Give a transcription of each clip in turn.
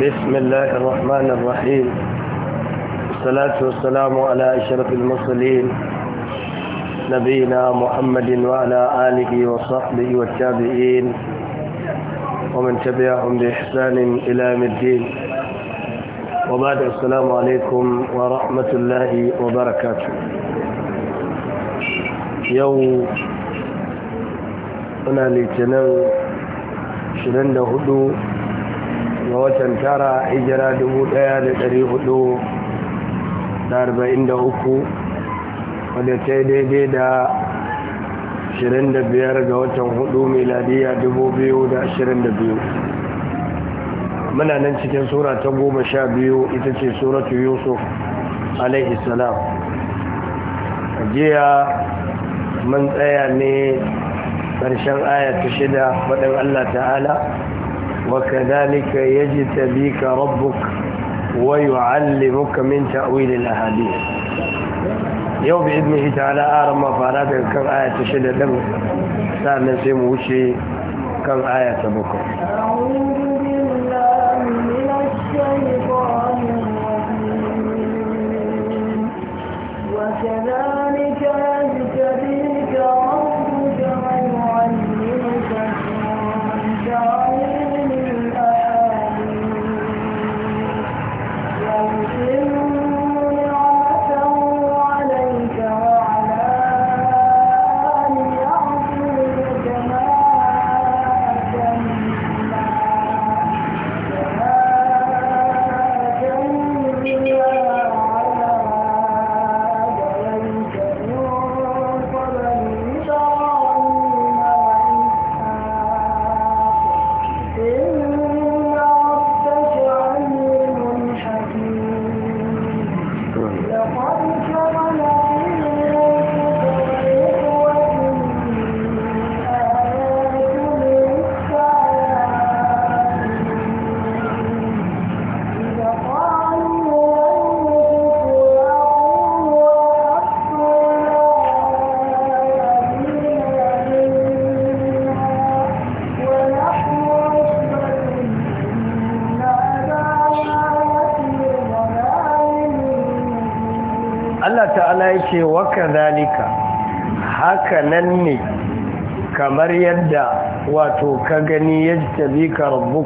بسم الله الرحمن الرحيم والصلاة والسلام على أشرف المرسلين نبينا محمد وعلى آله وصحبه والتابعين ومن تبعهم بإحسان إلى يوم الدين وبعد السلام عليكم ورحمة الله وبركاته يوم أنا لتنو 24 ga watan tara hijira 1443 wadda ta yi daidai da 25 ga watan hudu miladiya 2022 muna nan cikin sura ta goma sha biyu ita ce suratu yusuf alaihissalam jiya mun tsaya ne ƙarshen aya ta shida faɗin allah ta'ala وكذلك يجتبيك ربك ويعلمك من تأويل الأحاديث يوم بإذنه تعالى أعلم فعلاتك كم آية شدة دم سألنا سيموشي كان آية بكر أعوذ بالله من الشيطان wato ka gani yadda bi ka hakanan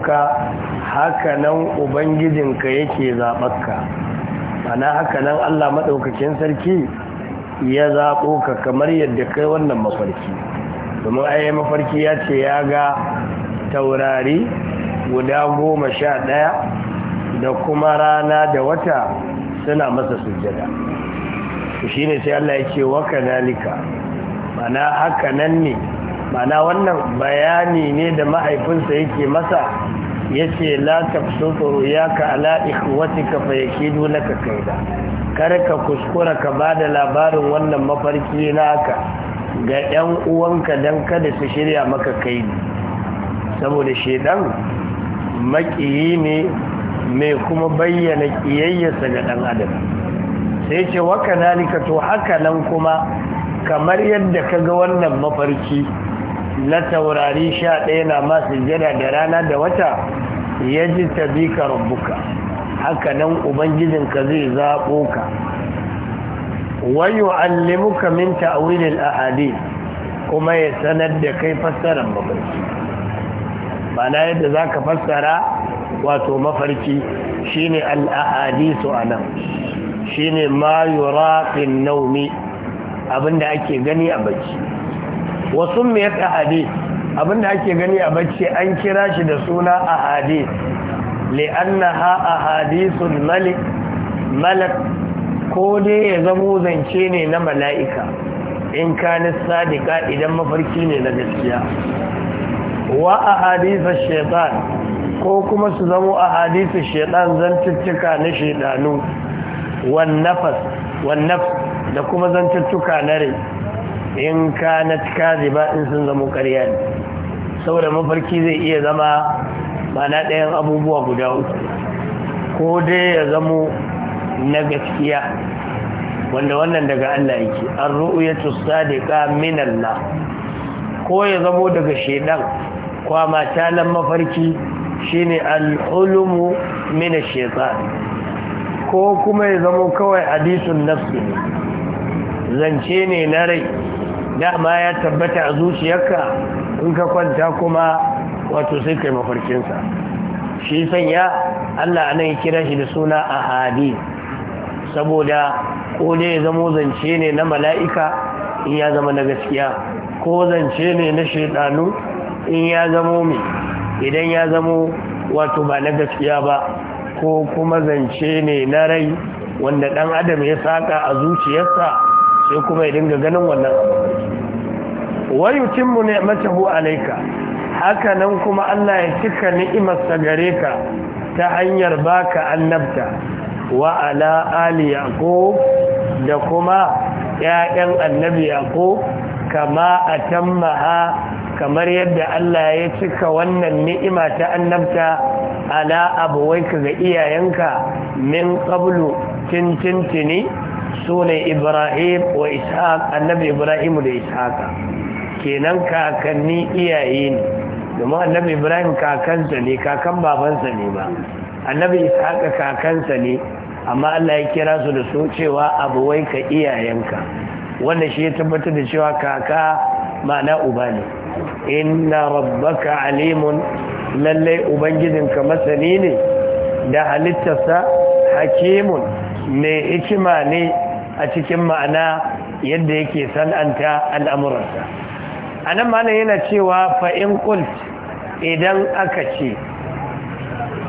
haka nan ubangijinka yake zaɓarka ana haka nan allah maɗaukakin sarki ya zaɓo ka kamar yadda kai wannan mafarki domin ayi mafarki ya ce ya ga taurari guda goma sha ɗaya da kuma rana da wata suna masa sujjada shi ne sai allah ya ce waka nalika mana haka nan ne mana wannan bayani ne da mahaifinsa yake masa ya ce latafsutu ya ka ala ikhwatika fa yakidu laka kaida kar ka kuskura ka ba da labarin wannan mafarki naka ga 'yan uwanka dan kada su shirya maka kai saboda shedan makiyi ne mai kuma bayyana kiyayyarsa ga dan adam sai ce wa kadalika to haka nan kuma kamar yadda ka ga wannan mafarki na taurari sha ɗaya na masu jira da rana da wata ya ji ka rabbuka haka nan ka zai zaɓo ka wayo allimuka a ta'wilil ahadi kuma ya sanar da kai fassarar mafarki na yadda za ka fassara wato mafarki shine al'ahadisu a nan shine ma yura naumi abinda ake gani a bacci wasu mai yata hadis abinda ake gani a bacci an kira shi da suna a hadis li'annaha a hadisun malik malak ko dai ya zamo zance ne na mala'ika in ka nisa da idan mafarki ne na gaskiya wa a hadisa shaitan ko kuma su zamo a hadisa shaitan zantuttuka na shaitanu wan nafas da kuma zantuttuka na rai in cika kaziba in sun zama ƙarya ne saboda mafarki zai iya zama mana ɗayan abubuwa guda uku ko dai ya zamo na gaskiya wanda wannan daga Allah yake an ru'uyatu sadiqa min ko ya zamo daga shedan kwama talan mafarki shine al min ash ko kuma ya zamo kawai hadithun nafsi zance ne na rai dama ya tabbata a zuciyarka in ka kwanta kuma wato sai kai mafarkinsa shi sanya Allah anan ya kira shi da suna a ahadi saboda ko ne ya zamo zance ne na mala'ika in ya zama na gaskiya ko zance ne na shaidanu in ya zamo mai idan ya zamo wato ba na gaskiya ba ko kuma zance ne na rai wanda dan adam ya saka a zuciyarsa sai kuma ya dinga ganin wannan abu mu ne matahu alaika haka nan kuma Allah ya cika ni'imarsa gare ka ta hanyar baka annabta wa ala ali da kuma 'ya'yan annabi ko kama atammaha kamar yadda Allah ya cika wannan ni'ima ta annabta ala ka ga iyayenka min qablu tin-tin-tini. su ne ibrahim wa ishaq annabi ibrahim da ishaqa kenan kakanni iyaye ne domin annabi ibrahim kakansa ne kakan babansa ne ba annabi ishaqa kakansa ne amma allah ya kira su da su cewa abu wai ka iyayenka wanda shi ya tabbatar da cewa kaka ma'ana uba ne inna rabbaka alimun lallai ubangijinka masani ne da halittarsa hakimun mai hikima ne a cikin ma'ana yadda yake san'anta al'amuransa a nan ma'ana yana cewa fa'in kult idan aka ce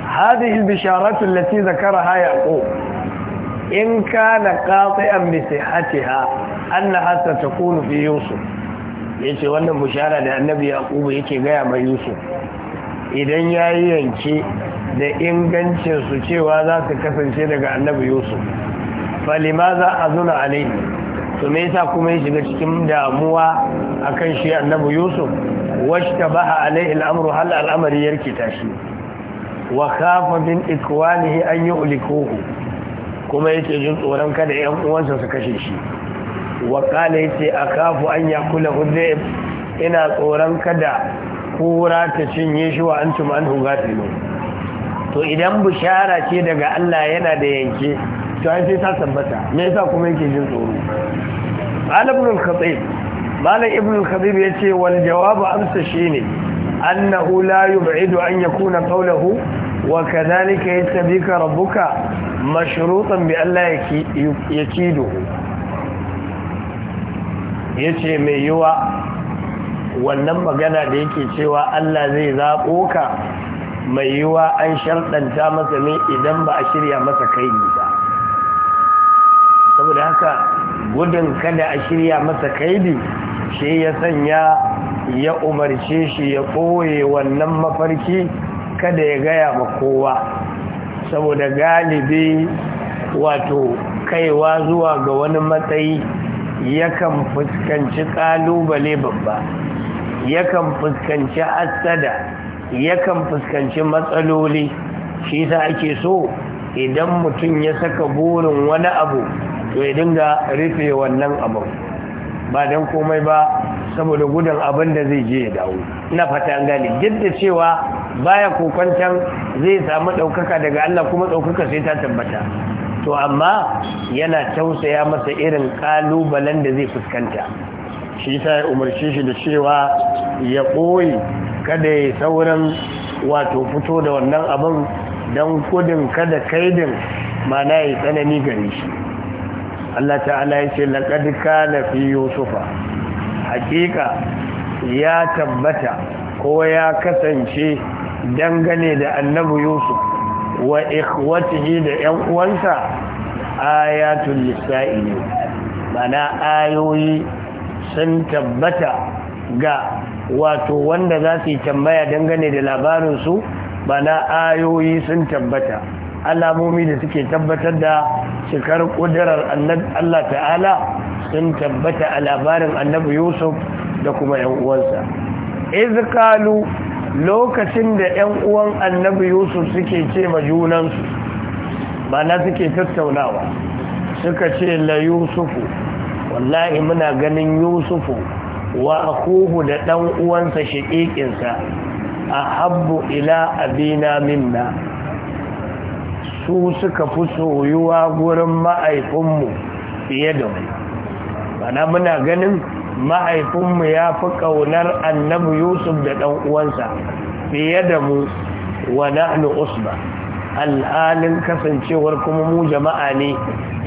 hadhihi bisharatu allati zakaraha hayaƙo. in ka na kana an na hasa ta kunu fi yusuf ce wannan bishara da annabi yaqub yake gaya mai yusuf idan yi yanke da ingancinsu cewa za su kasance daga annabi yusuf falima za a zuna alaihi to me yasa kuma ya shiga cikin damuwa akan shi annabi yusuf washta baha alai al'amru hal al'amari yarki tashi wa khafa min ikwanihi an yu'likuhu kuma yake jin tsoron kada 'yan uwansa su kashe shi wa qala a akafu an yakula hudayb ina tsoron kada kura ta cinye shi wa antum an filo. to idan bishara ce daga Allah yana da yanke to an sai ta tabbata me yasa kuma yake jin tsoro malam ibn khatib malam ibn khatib yace wal jawabu amsa shine annahu la yub'idu an yakuna qawluhu wa kadhalika yastabika rabbuka mashrutan bi Allah yakiduhu yace mai yiwa wannan magana da yake cewa Allah zai zabo ka mai yiwa an sharɗanta masa ne idan ba a shirya masa kai ba saboda haka gudun kada a shirya masa kaidi shi ya sanya ya umarce shi ya koye wannan mafarki kada ya gaya ma kowa saboda galibi wato kaiwa zuwa ga wani matsayi yakan fuskanci kalubale babba yakan fuskanci asada yakan fuskanci matsaloli shi yasa ake so idan mutum ya saka burin wani abu to ya dinga rufe wannan abu ba don komai ba saboda gudun abin da zai je ya dawo na fata gane duk da cewa baya kokantan zai samu ɗaukaka daga Allah kuma ɗaukaka sai ta tabbata to amma yana tausaya masa irin ƙalubalen da zai fuskanta shi ta umarci shi da cewa ya ɓoye kada ya sauran wato fito da wannan abin don kudin kada kaidin mana ya tsanani gari shi Allah ta'ala ya ce laƙadika na fi yusufa hakika ya tabbata ko ya kasance dangane da annabu yusuf wa ikhwatihi da yan uwansa ayatul lisa'ili mana ayoyi sun tabbata ga wato wanda za su yi tambaya dangane da labarinsu ba na ayoyi sun tabbata alamomi da suke tabbatar da cikar kudurar Allah ta'ala sun tabbata a labarin annabi yusuf da kuma yan uwansa lokacin da yan uwan annabi yusuf suke ce ma junansu ba na suke tattaunawa suka ce la yusufu wallahi muna ganin yusufu wa akuhu da ɗan uwansa shaƙiƙinsa a habbu ila abina minna su suka fi soyuwa gurin ma'aikunmu fiye da mu Bana muna ganin ma'aikunmu ya fi ƙaunar annabi yusuf da ɗan uwansa fiye da mu wa na'nu usba al'alin kasancewar kuma mu jama'a ne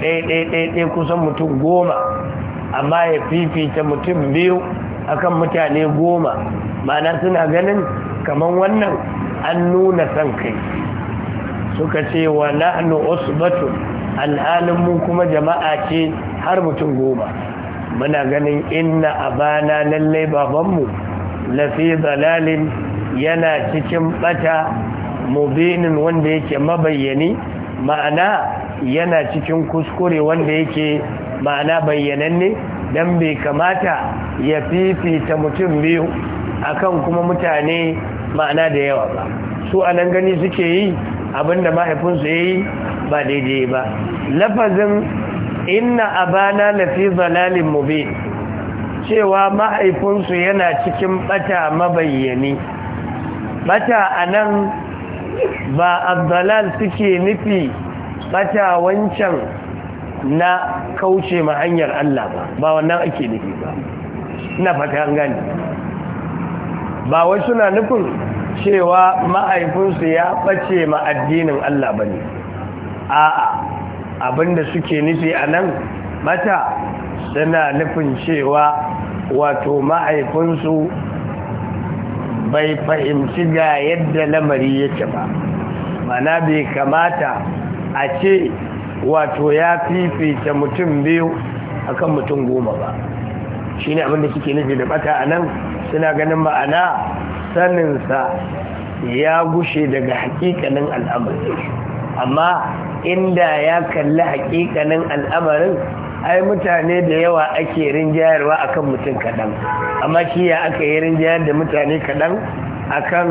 ɗaiɗaiɗaiɗai kusan mutum goma amma ya fifita mutum biyu akan mutane goma Ma'ana suna ganin kamar wannan an nuna son kai suka ce wa na'nu usbatun batu mu kuma jama'a ce har mutum goma muna ganin inna abana lallai babanmu lafi zalalin yana cikin bata mubinin wanda yake mabayyani ma'ana yana cikin kuskure wanda yake ma'ana bayyananne don bai kamata ya fifita mutum biyu akan kuma mutane ma'ana da yawa ba su a nan gani suke yi abinda mahaifinsu ya yi ba daidai ba lafazin inna abana lafi zalalin mube cewa mahaifinsu yana cikin bata mabayyani bata a nan ba abdalal suke nufi bata wancan na kauce ma hanyar Allah ba ba wannan ake nufi ba ina fata an gani ba wai suna nufin cewa ma'aifinsu ya bace ma addinin Allah ba ne a'a abinda suke nufi a nan mata suna nufin cewa wato ma'aifinsu bai fahimci ga yadda lamari yake ba mana bai kamata a ce wato ya fifita mutum biyu akan mutum goma ba shi ne abinda suke nufi da bata a nan suna ganin ma'ana saninsa ya gushe daga hakikanin al'amarin, amma inda ya kalli hakikanin al'amarin ai mutane da yawa ake rinjayarwa akan mutum kaɗan amma shi ya aka yi rinjayar da mutane kaɗan akan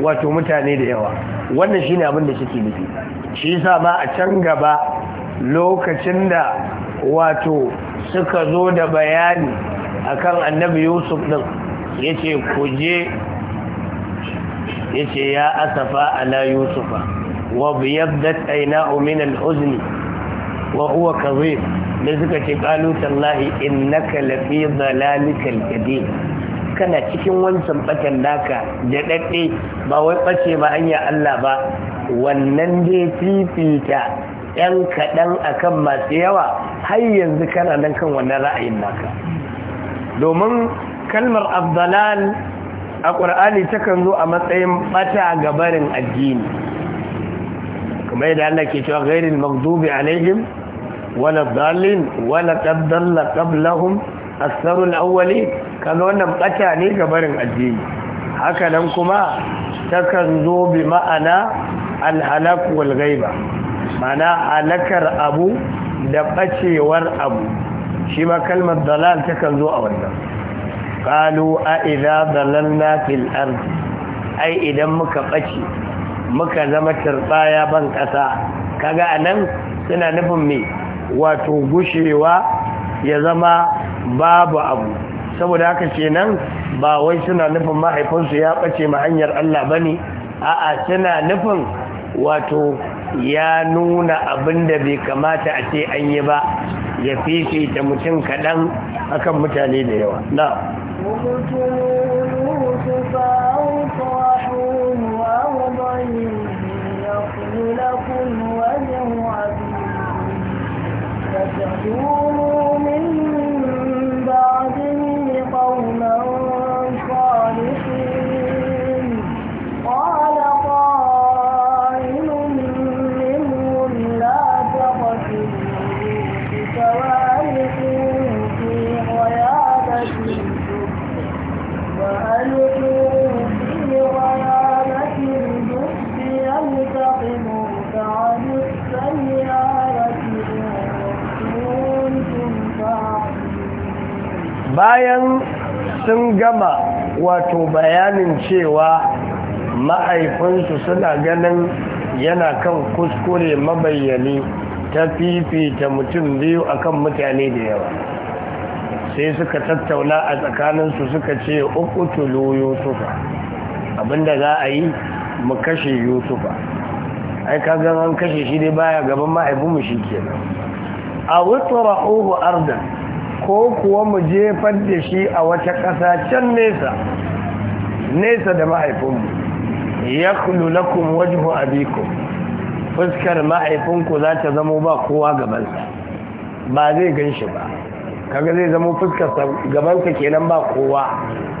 wato mutane da yawa wannan ne abin da suke nufi shi sa ba a can gaba lokacin da wato suka zo da bayani akan annabi yusuf din ya ce kuje ya ce ya asafa ala yusufa wa biyabdat aina min al-huzni wa huwa kazib da suka ce qalu tallahi innaka lafi dhalalikal qadim kana cikin wancan batan naka da dadde ba wai bace ba anya Allah ba wannan dai fifita 'yan kaɗan a kan masu yawa har yanzu kana nan kan wannan ra'ayin naka domin kalmar abdalal a ƙur'ani takan zo a matsayin ɓata ga barin addini Kuma yadda Allah ke cewa ghairil maghdubi alaihim wala dalin wala qad qablahum asarul awwali kaga wannan ɓata ne ga barin addini haka nan kuma takan zo bi ma'ana alhalak wal mana alakar abu da bacewar abu shi ma kalmar dalal takan zo a wannan qalu a idza dalalna fil ard ai idan muka bace muka zama turbaya ban kasa kaga anan suna nufin me wato gushewa ya zama babu abu saboda haka kenan ba wai suna nufin mahaifinsu ya bace ma hanyar Allah bane a'a suna nufin wato ya nuna abin da bai kamata a ce an yi ba ya fifita mutum kaɗan akan mutane da yawa na bayan sun gama wato bayanin cewa mahaifinsu suna ganin yana kan kuskure mabayyani ta fifita mutum biyu akan mutane da yawa sai suka tattauna a tsakaninsu suka ce ukutulu yusufa abinda za a yi mu kashe yusufa ai kagan an kashe shi dai baya gaban mahaifinmu shi kenan a wutsura uhu ardan ko kuwa mu jefar da shi a wata ƙasa can nesa nesa da mahaifinmu ya kuma wajen abikum fuskar mahaifinku za ta zamo ba kowa gabansa ba zai gan shi ba kaga zai zama fuskar gabansa kenan ba kowa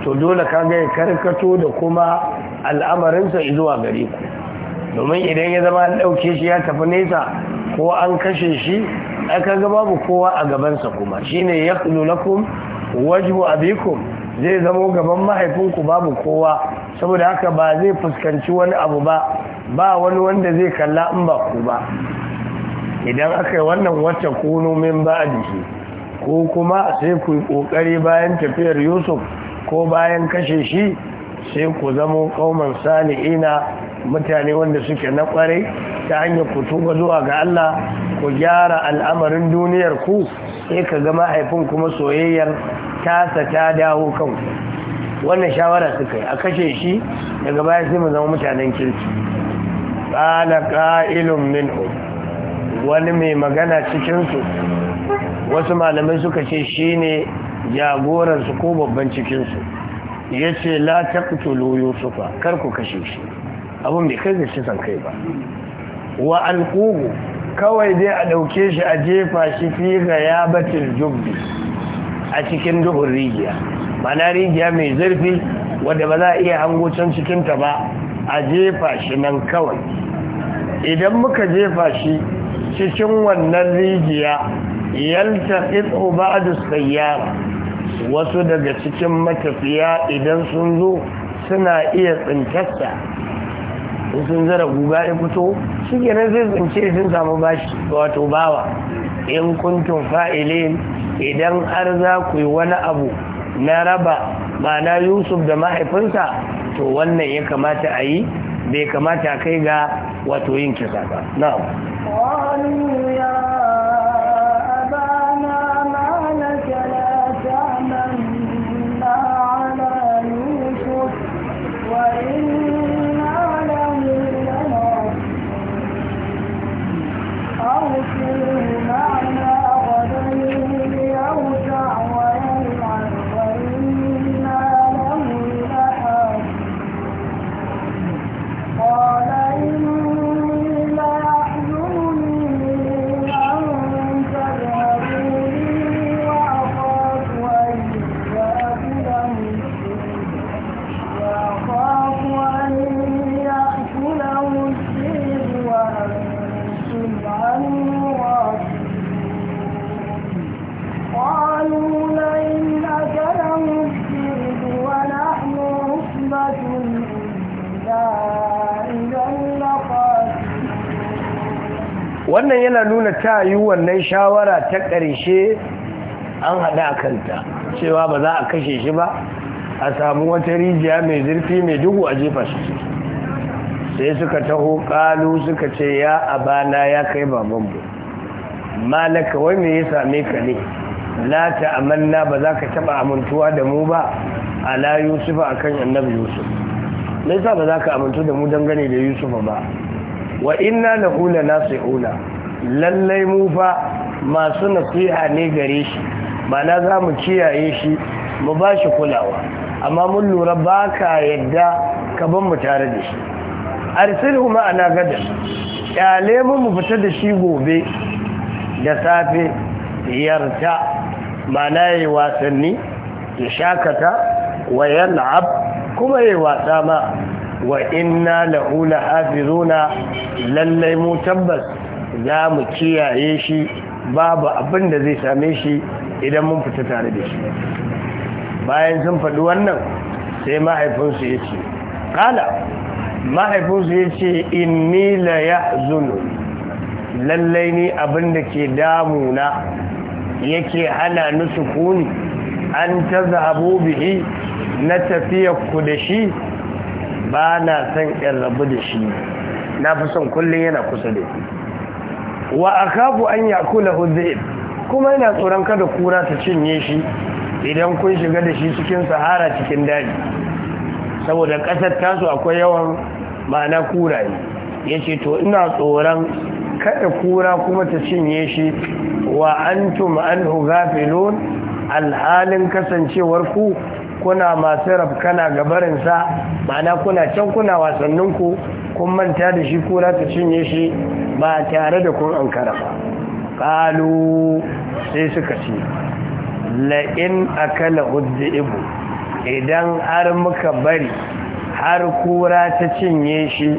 to dole kaga ya karkato da kuma al'amarinsa zuwa gare ku domin idan ya zama an ɗauke shi ya tafi nesa ko an kashe shi aka ga babu kowa a gabansa kuma shine ya lakum wajhu abikum zai zamo gaban mahaifinku babu kowa saboda haka ba zai fuskanci wani abu ba ba wani wanda zai kalla in ba ku ba idan aka yi wannan wacce kuno min ba jiki ko kuma sai ku yi kokari bayan tafiyar yusuf ko bayan kashe shi sai ku zamo kauman sani'ina mutane wanda suke na kwarai ta hanyar ku tuba zuwa ga Allah ku gyara al'amarin duniyar ku sai ka ga mahaifin kuma soyayyar tasa ta dawo ku. wannan shawara suka yi a kashe shi daga baya sai mu zama mutanen kirki qala qa'ilun minhum wani mai magana cikinsu. wasu malamai suka ce shine jagoransu ko babban cikinsu. su yace la taqtulu yusufa kar ku kashe shi abin bai kai zai kisan kai ba wa alkuhu kawai dai a ɗauke shi a jefa shi fi ga ya jubbi a cikin duhun rigiya mana rigiya mai zurfi wadda ba za a iya hango cikinta ba a jefa shi nan kawai idan muka jefa shi cikin wannan rigiya yalta ƙiɗo ba a sayyara wasu daga cikin matafiya idan sun zo suna iya tsintarsa in sun zara guga ya fito shi gina zai zance sun samu bashi wato bawa in kuntun fa'ilin idan har za ku yi wani abu na raba ma'ana yusuf da mahaifinsa to wannan ya kamata a yi bai kamata kai ga wato yin kisa ba na wannan yana nuna ta yi wannan shawara ta ƙarshe an haɗa kanta cewa ba za a kashe shi ba a samu wata rijiya mai zurfi mai dugu a jefa shi sai suka taho ƙalu suka ce ya abana ya kai babanmu malaka wai me ya same ka ne la ta'amanna ba za ka taɓa amintuwa da mu ba ala yusufa akan annabi yusuf me sa ba za ka amintu da mu dangane da yusufa ba wa inna sai hula? lallai mu fa masu nasiha ne gare shi mana za mu kiyaye shi mu ba shi kulawa amma mun lura ba ka yadda ka ban mu tare da shi arsilhu ma'ana gada. kyale mu mu fita da shi gobe da safe yarta mana yi wasanni ya shakata wa yal'ab kuma yi wasa ma wa inna lahu lahafizuna lallai mu tabbas za mu kiyaye shi babu abin da zai same shi idan mun fita tare da shi bayan sun faɗi wannan sai mahaifinsu ya ce ƙala mahaifinsu ya ce in nila ya zunu lallai ni abin da ke damuna yake hana ni sukuni an ta zaɓo bihi na tafiyarku da shi ba na son in rabu da shi na fi son kullum yana kusa da shi wa kafu an kula dhib kuma ina tsoron kada kura ta cinye shi idan kun shiga da shi cikin sahara cikin daji saboda ƙasar tasu akwai yawan ma'ana ya yace to ina tsoron kada kura kuma ta cinye shi wa an an hu ghafilun alhalin kasancewar ku kuna masu rafkana gabarinsa ma'ana kuna can kuna wasannin ku, kun manta da shi ko ta cinye shi ba tare da kun ankara ba ƙalu sai suka ce la'in akala hudda idan har muka bari har kura ta cinye shi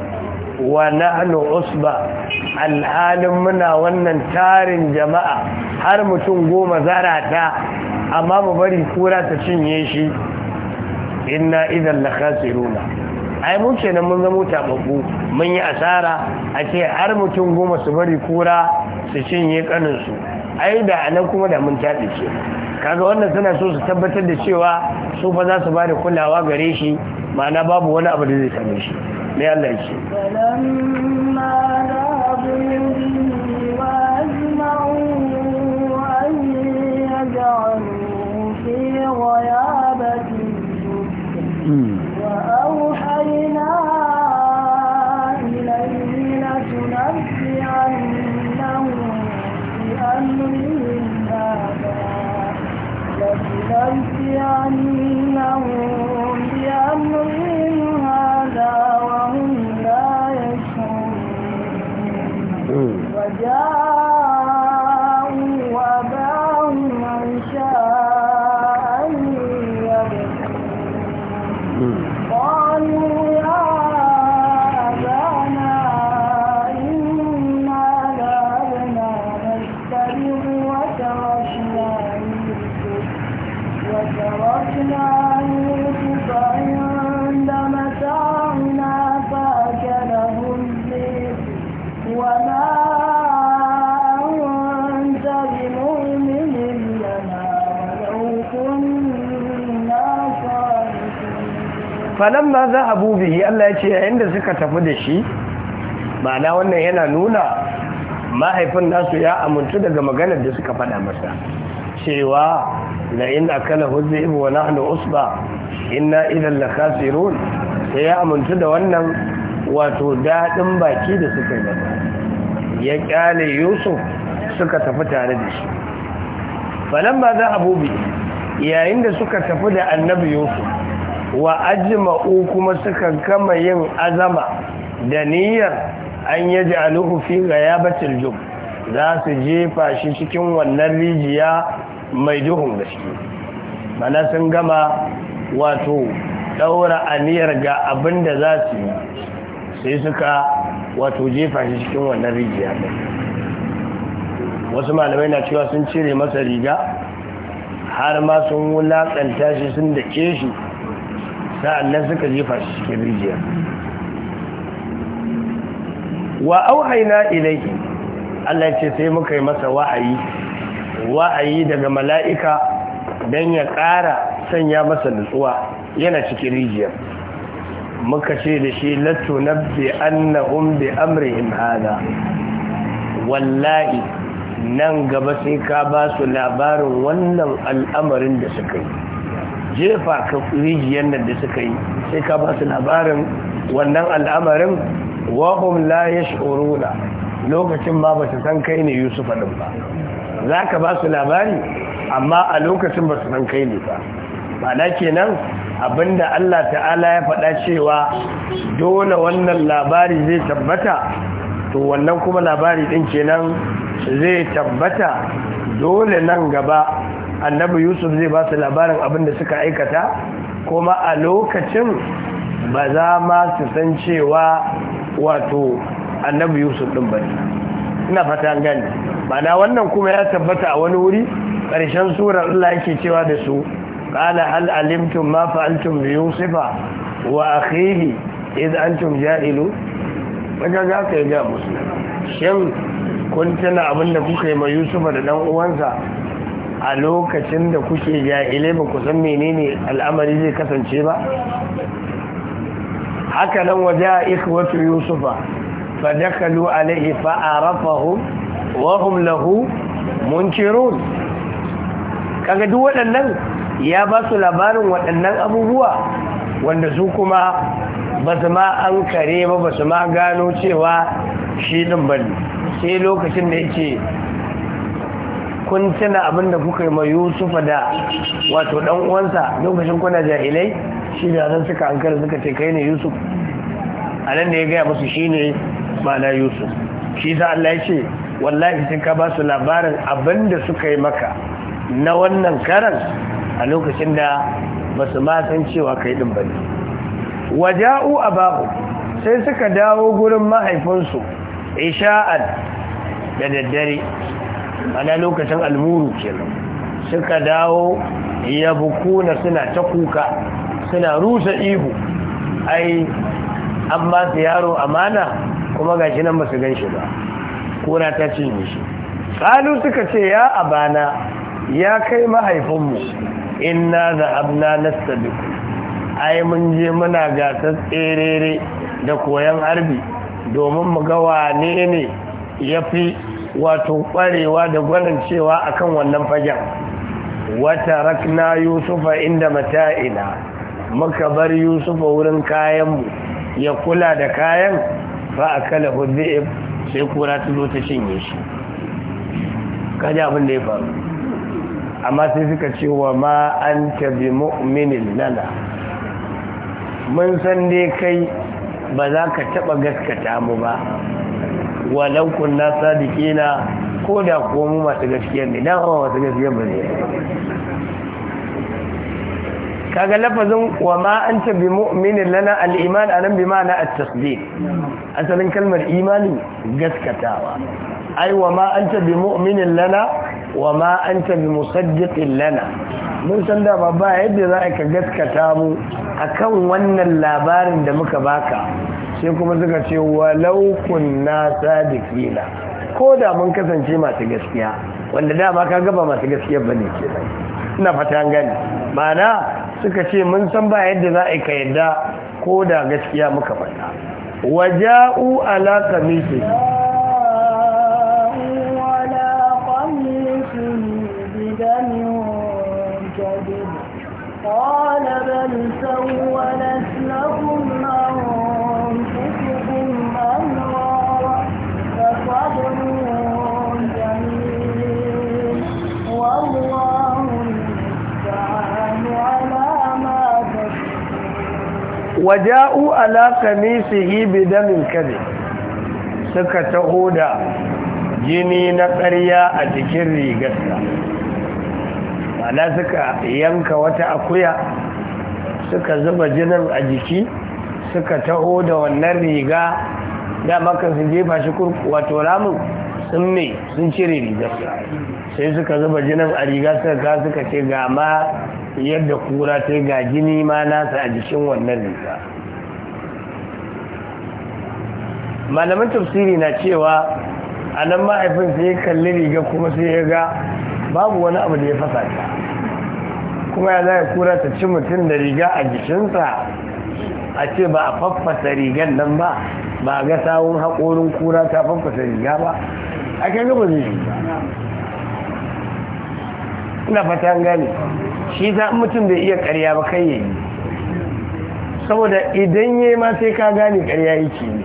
wa nahnu usba alhalin muna wannan tarin jama'a har mutum goma zarata amma mu bari kura ta cinye shi inna idan la khasiruna ai ce nan mun zama tababbu mun yi asara a ce har mutum goma su bari kura su cinye kanin su ai da anan kuma da mun tabe ce kaga wannan suna so su tabbatar da cewa su fa za su bada kulawa gare shi ma'ana babu wani abu da zai same shi mai Allah ce Yeah. وأوحينا إليه لتنبئنهم بأمرهم هذا لتنبئنهم بأمرهم هذا وهم لا يشعرون وجاء ma za a bihi Allah ya ce yayin da suka tafi da shi ma'ana wannan yana nuna mahaifin nasu ya amintu daga maganar da suka faɗa masa cewa la in akala ibu wa hannu usba inna idan la khasirun sai ya amintu da wannan wato daɗin baki da suka yi masa ya kyale yusuf suka tafi tare da shi ma za a bihi yayin da suka tafi da annabi yusuf wa ajma'u kuma suka gama yin azama da niyyar an yaji aluhu fi ghayabatil jum za su jefa shi cikin wannan rijiya mai duhun gaske mana sun gama wato daura aniyar ga abin da za su yi sai suka wato jefa shi cikin wannan rijiya wasu malamai na cewa sun cire masa riga har ma sun wulaƙanta shi sun ke shi sa’allar suka jefa shi cikin rijiya wa auhaina ilaiki? Allah ce sai muka yi masa wa'ayi wa'ayi daga mala'ika don ya ƙara sanya masa nutsuwa yana cikin rijiyar muka ce da shi an na umbe amri in hada wallahi nan gaba sai ka ba su labarin wannan al'amarin da suka yi jefa ka rijiyar nan da suka yi sai ka ba su labarin wannan al'amarin wahum la yash'uruna lokacin ma ba su san kai ne Yusuf din ba ka ba su labari amma a lokacin ba su san kai ne ba ma'ana kenan abinda Allah ta'ala ya faɗa cewa dole wannan labari zai tabbata to wannan kuma labari din kenan zai tabbata dole nan gaba annabi yusuf zai ba su labarin abin da suka aikata kuma a lokacin ba za ma su san cewa wato annabi yusuf ɗin ba ina fata gani mana wannan kuma ya tabbata a wani wuri ƙarshen surar Allah yake cewa da su ƙala hal alimtum ma fa'altum bi yusufa wa akhihi idh antum ja'ilu daga za ka ga musulmi shin kun tana abin da kuka yi ma yusufa da dan uwansa a lokacin da kuke jahilai ba ku san menene al'amari zai kasance ba haka nan waje a ikwatu yusufa fa dakalu alaihi fa arafahu wa hum lahu munkirun kaga duk waɗannan ya ba su labarin waɗannan abubuwa wanda su kuma ba su ma an kare ba ba su ma gano cewa shi ɗin sai lokacin da yake kun tuna abin da kuka yi ma yusufa da wato dan uwansa lokacin kuna jahilai shi da zan suka ankara suka ce kai ne yusuf a nan da ya gaya musu shi ne ma'ana yusuf shi sa allah ya ce wallahi sun ka ba su labarin abin da suka yi maka na wannan karan a lokacin da ba su ma san cewa kai din ba ne waja'u abahu sai suka dawo gurin mahaifinsu isha'an da daddare ana lokacin almuru kenan suka dawo ya bukuna suna ta kuka suna rusa ihu ai an ba su yaro amana kuma ga shi nan ba su gan shi ba kura ta cinye shi ƙalu suka ce ya abana ya kai mahaifinmu inna da abna na sabiku ai mun je muna gasar tserere da koyon harbi domin mu ga wane ne ya fi wato kwarewa da gwanin cewa akan wannan fagen wata rakna yusufa inda mata'ina muka bar yusufa wurin kayanmu ya kula da kayan fa kala huddib sai kura ta zo ta cinye shi kaji abin da ya faru amma sai suka cewa wa ma an tabi mu'minin lana mun san dai kai ba za ka taba gaskata mu ba walau kunna sadiqina ko da ko mu masu gaskiya ne dan hawa masu gaskiya bane. ne kaga lafazin wa ma anta bi mu'minin lana al-iman anan bi ma'ana at-tasdiq asalin kalmar imani gaskatawa ai wa ma anta bi mu'minin lana wa ma anta bi musaddiqin lana mun san da ba yadda za ka gaskata mu akan wannan labarin da muka baka sai kuma suka ce walau kunna sadiqina ko da mun kasance masu gaskiya wanda dama ka gaba masu gaskiya bane nan ina fatan gani mana suka ce mun san ba yadda za a ka yadda ko da gaskiya muka fata waja'u ala qamisi قال بل سولت waja'u ala kamisihi bidamin kadhi suka taho da jini na ƙarya a cikin rigarsa ana suka yanka wata akuya suka zuba jinin a jiki suka taho da wannan riga da maka su jefa shi wato ramin sun ne sun cire rigarsa sai suka zuba jinin a riga suka ka suka ce ga ma yadda kura ta ga jini ma nasa a jikin wannan riga malamin tafsiri na cewa a nan ma'aifin sai ya kalli riga kuma sai ya ga babu wani abu da ya fasa ta kuma ya zai kura ta ci mutum da riga a jikinsa a ce ba a faffasa rigan nan ba ba a ga sawun haƙorin kura ta faffasa riga ba a kan gaba zai yi ba ina fatan gani shi za mutum bai iya karya ba kai yayi saboda idan yayi ma sai ka gane karya yake ne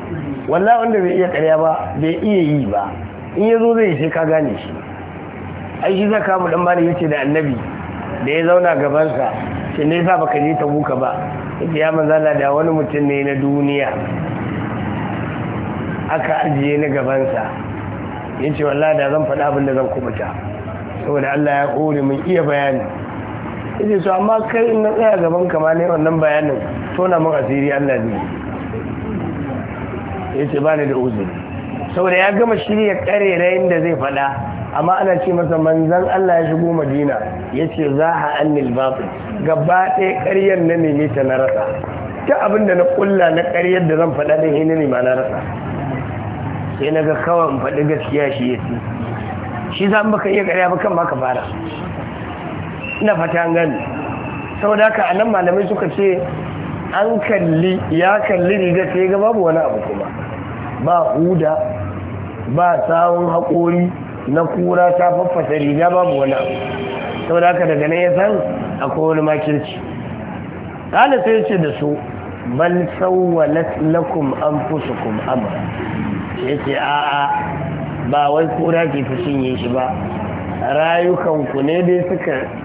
wallahi wanda bai iya karya ba bai iya yi ba in yazo zai sai ka gane shi ai shi zaka mu dan bani yace da annabi da ya zauna gaban sa shi ne yasa baka je ta buka ba yace ya manzala da wani mutum ne na duniya aka ajiye ni gaban sa yace wallahi da zan faɗa abin da zan kubuta saboda Allah ya kore mun iya bayani yace su amma kai in na tsaya gaban kama ne wannan bayanin tona mun asiri Allah ne yace ba ni da uzuri da ya gama shirya karerayin da zai fada amma ana ce masa manzan Allah ya shigo Madina yace za a an batil gaba ɗaya ƙaryar na neme ta na rasa ta abin da na kulla na ƙaryar da zan fada ɗin hini ne ma na rasa sai na ga kawai faɗi gaskiya shi ya ce shi za mu baka iya ƙarya ba kan maka ka fara ina fata an gani da haka anan malamai suka ce an kalli ya kalli riga ta ga babu wani abu kuma ba huda ba tsawon haƙori na kura ta faffasa riga babu wani abu sau da haka daga nan ya san akwai wani makirci ƙana sai ce da su bal sawwalat lakum an anfusukum amra yace a'a ba wai kura ke fushin yin shi ba rayukanku ne dai suka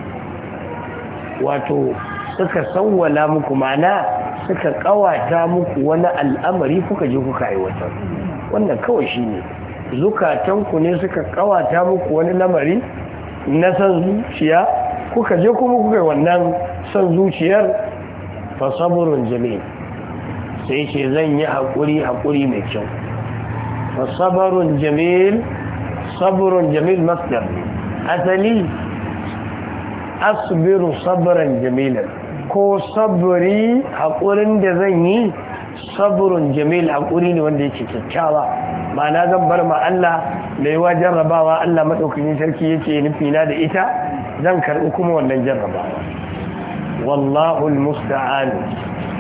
wato suka sawwala muku mana suka kawata muku wani al'amari kuka je kuka aiwatar wannan kawai shi ne zukatanku ne suka kawata muku wani lamari na san zuciya kuka je kuma kuka wannan san zuciyar fasaburun jami'i sai ce zan yi haƙuri haƙuri mai kyau fasaburun jami'il saburun jami'il masdar asali asbiru sabran jamilan ko sabri haƙurin da zan yi sabrun jamil haƙuri ne wanda yake kyakkyawa ma'ana zan bar ma Allah da wa jarrabawa Allah maɗaukakin sarki yake nufi na da ita zan karɓi kuma wannan jarrabawa wallahu almusta'an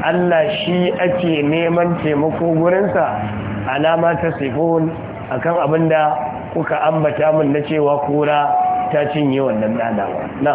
Allah shi ake neman taimako gurinsa alama ta sifon akan abinda kuka ambata min na cewa kura ta cinye wannan na na'am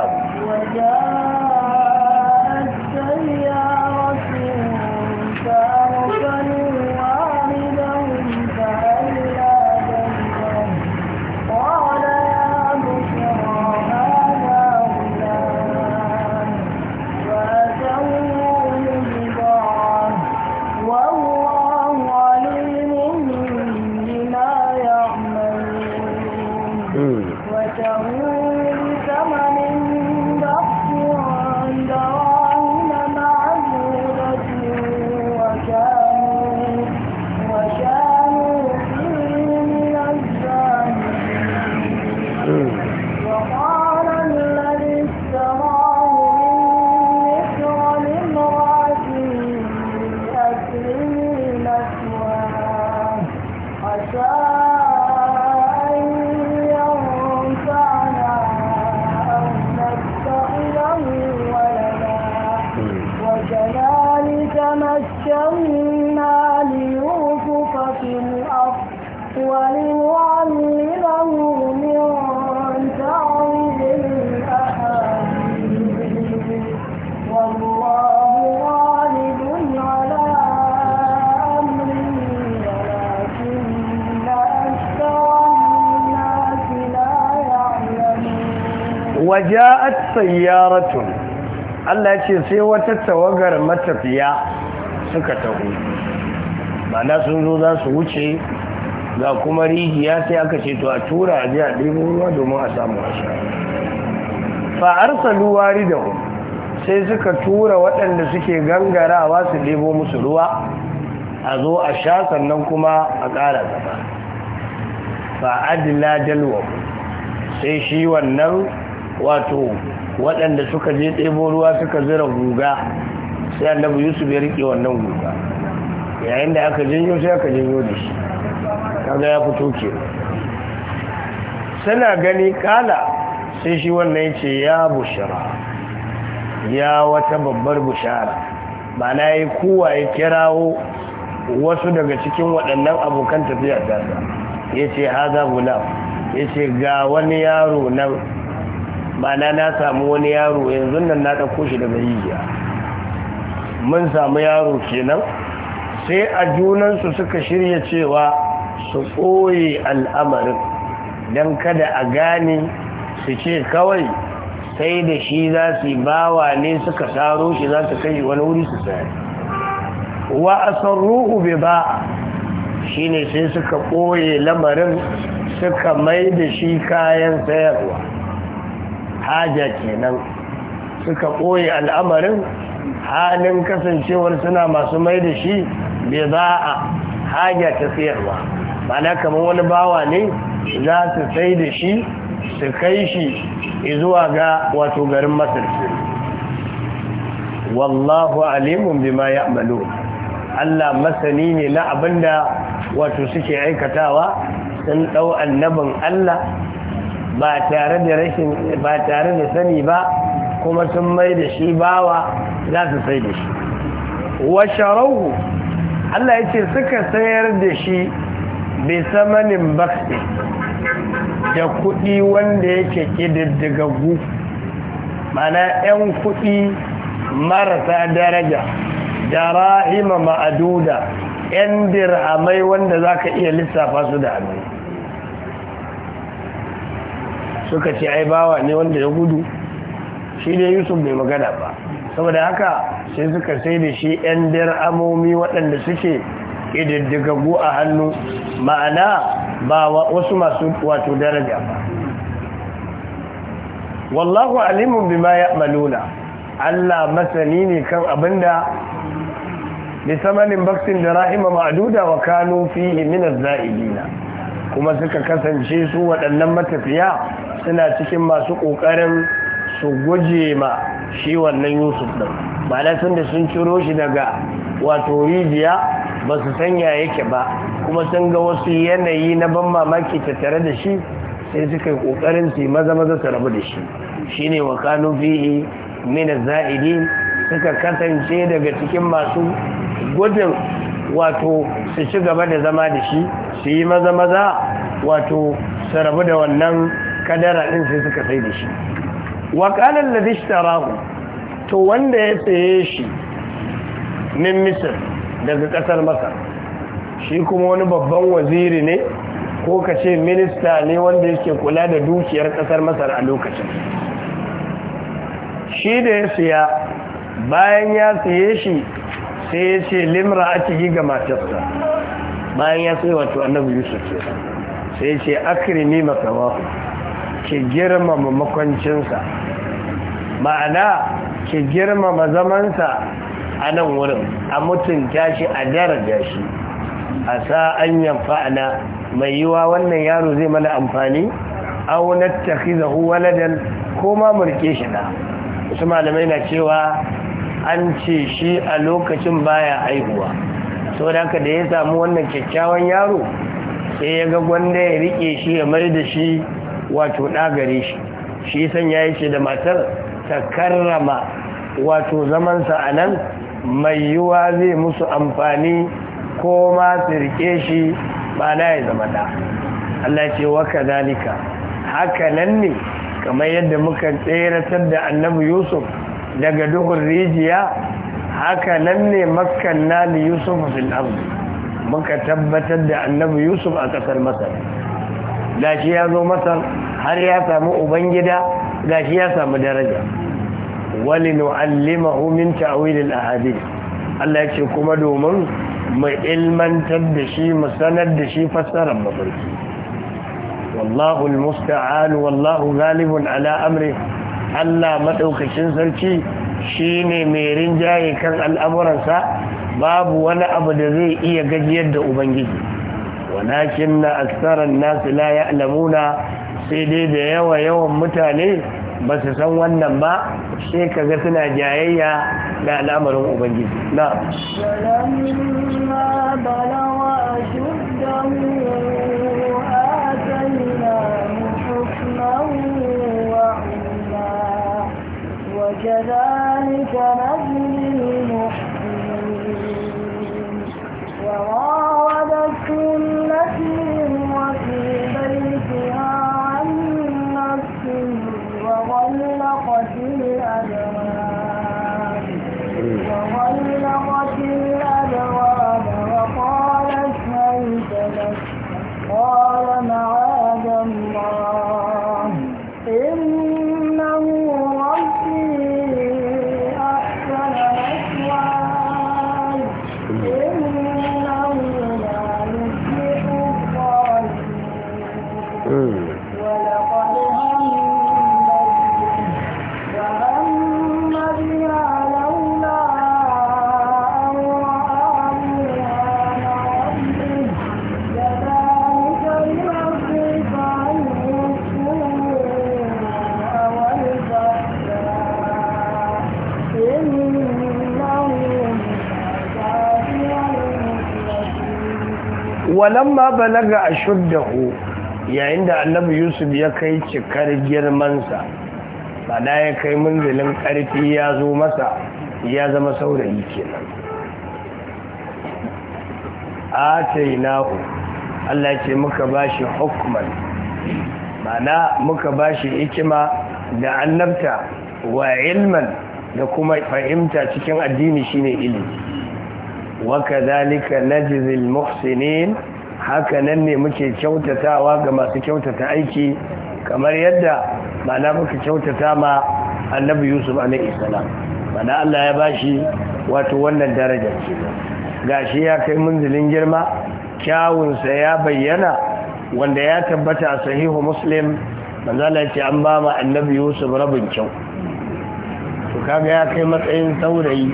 sayyaratun Allah ce sai wata tawagar matafiya suka taho Bana sun zo za su wuce ga kuma rigiya sai aka ce to a tura a jiya ruwa domin a samu wasu fa'ar saluwari da sai suka tura waɗanda suke gangarawa su lebo musu ruwa a zo a sha sannan kuma a ƙara gaba fa'adila dalwa sai shi wannan wato waɗanda suka je ɗebo ruwa suka zira guga sai annabi yusuf ya riƙe wannan guga yayin da aka janyo sai aka janyo da shi kaga ya fito ke suna gani kala sai shi wannan ya ce ya bushara ya wata babbar bushara ba na yi kuwa ya kirawo wasu daga cikin waɗannan abokan tafiya ta ya ce haza gulam ya ce ga wani yaro na. mana na samu wani yaro yanzu nan na ɗauko shi daga rijiya mun samu yaro kenan sai a junansu suka shirya cewa su ɓoye al'amarin don kada a gane su ce kawai sai da shi za su yi bawa ne suka saro shi za su kai wani wuri su sai wa a sarruhu bai ba shi ne sai suka ɓoye lamarin suka mai da shi kayan sayarwa haja kenan suka ɓoye al'amarin halin kasancewar suna masu mai da shi bai za a haja ta sayarwa mana kamar wani bawa ne za su sai da shi su kai shi izuwa ga wato garin masar wallahu alimun bima ya Allah masani ne na abinda wato suke aikatawa sun dau annabin Allah ba tare da sani ba kuma sun mai da shi bawa za su sai da shi wa sharauhu Allah ya ce suka sayar da shi bai samanin bakse da kuɗi wanda yake ƙididdigaggu mana 'yan kuɗi marasa daraja da rahima ma'aduda 'yan dirhamai wanda za ka iya lissafa su da hannu suka ce ai bawa ne wanda ya gudu shi ne yusuf bai magana ba saboda haka sai suka sai da shi 'yan amomi waɗanda suke ƙididdigaggu a hannu ma'ana ba wasu masu wato daraja ba wallahu alimun bima ya'maluna Allah masani ne kan abinda da samanin baksin da rahima ma'aduda wa kanu fihi min az kuma suka kasance su waɗannan matafiya suna cikin masu ƙoƙarin su guje ma shi wannan yusuf ɗin ba na sun da sun ciro shi daga wato rijiya ba su sanya yake ba kuma sun ga wasu yanayi na ban mamaki ta tare da shi sai suka yi ƙoƙarin su yi maza maza su rabu da shi Shi ne wa kanu fihi mina za'idi suka kasance daga cikin masu gudun wato su ci gaba da zama da shi su yi maza maza wato sarabu da wannan kadara ɗin sai suka sai da shi wa qala alladhi to wanda ya saye shi min misir daga ƙasar masar shi kuma wani babban waziri ne ko ka ce minista ne wanda yake kula da dukiyar ƙasar masar a lokacin shi da ya siya bayan ya tsaye shi sai ya ce limra ake yi ga matarsa bayan ya sai wato annabi yusuf ce sai ce akrimi makawahu ki girmama makwancinsa ma'ana ki girmama zamansa a nan wurin a mutunta shi a daraja shi a sa an fa'ana, mai yiwa wannan yaro zai mana amfani au nattakhizahu waladan ko ma murke shi da wasu malamai na cewa an ce shi a lokacin baya aihuwa Sau da da ya samu wannan kyakkyawan yaro sai ya ga gwanda ya rike shi ya mai da shi wato gare shi shi san ya yi ce da matar ta karrama wato zamansa a nan mai yiwuwa zai musu amfani ko ma su rike shi ba na ya zama da Allah ce waka zalika haka nan ne kamar yadda muka tseratar da annabi yusuf daga duhun rijiya haka nan ne makanna da yusuf fil ard muka tabbatar da annabi yusuf a kasar masar shi ya zo masar har ya samu ubangida shi ya samu daraja walinu'allimahu min ta'wil al-ahadith Allah ya ce kuma domin mu ilmantar da shi mu sanar da shi fassarar mafarki wallahu al-musta'an wallahu ghalibun ala amri Allah madaukakin sarki shi ne mai rinjaye kan al'amuransa babu wani abu da zai iya gajiyar da ubangiji walakin na aksarar nasu la ya alamuna sai dai da yawa yawan mutane ba su san wannan ba sai ka ga suna jayayya na al'amarin ubangiji na balawa وكذلك نجزي المحسنين وراودته التي هو في بيتها عن نفسه وغلقت الأبواب walamma balaga ashuddahu yayin da annabi yusuf ya kai cikar girmansa bana ya kai munzilin karfi ya zo masa ya zama saurayi kenan atainahu Allah ce muka bashi hukman mana muka bashi hikima da annabta wa ilman da kuma fahimta cikin addini shine ilimi wa kadhalika al muhsinin haka nan ne muke kyautatawa ga masu kyautata aiki kamar yadda mana muka kyautata ma annabi yusuf alaihi mana Allah ya bashi wato wannan daraja ce shi ya kai munzilin girma kyawunsa ya bayyana wanda ya tabbata a sahihu muslim manzala ce an ba ma annabi yusuf rabin kyau to kaga ya kai matsayin saurayi